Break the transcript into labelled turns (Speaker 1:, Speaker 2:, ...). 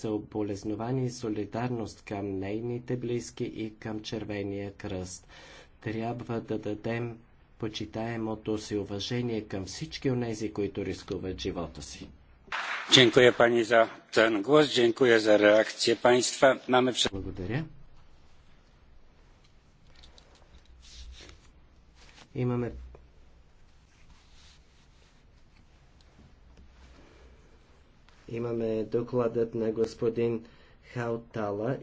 Speaker 1: съболезнование и солидарност към нейните близки и към Червения кръст. Трябва да дадем почитаемото си уважение към всички
Speaker 2: от тези, които рискуват живота си. Dziękuję Pani za ten głos, dziękuję za reakcję Państwa. Mamy... Благодаря.
Speaker 3: Имаме
Speaker 4: Имаме докладът на господин Хаутала.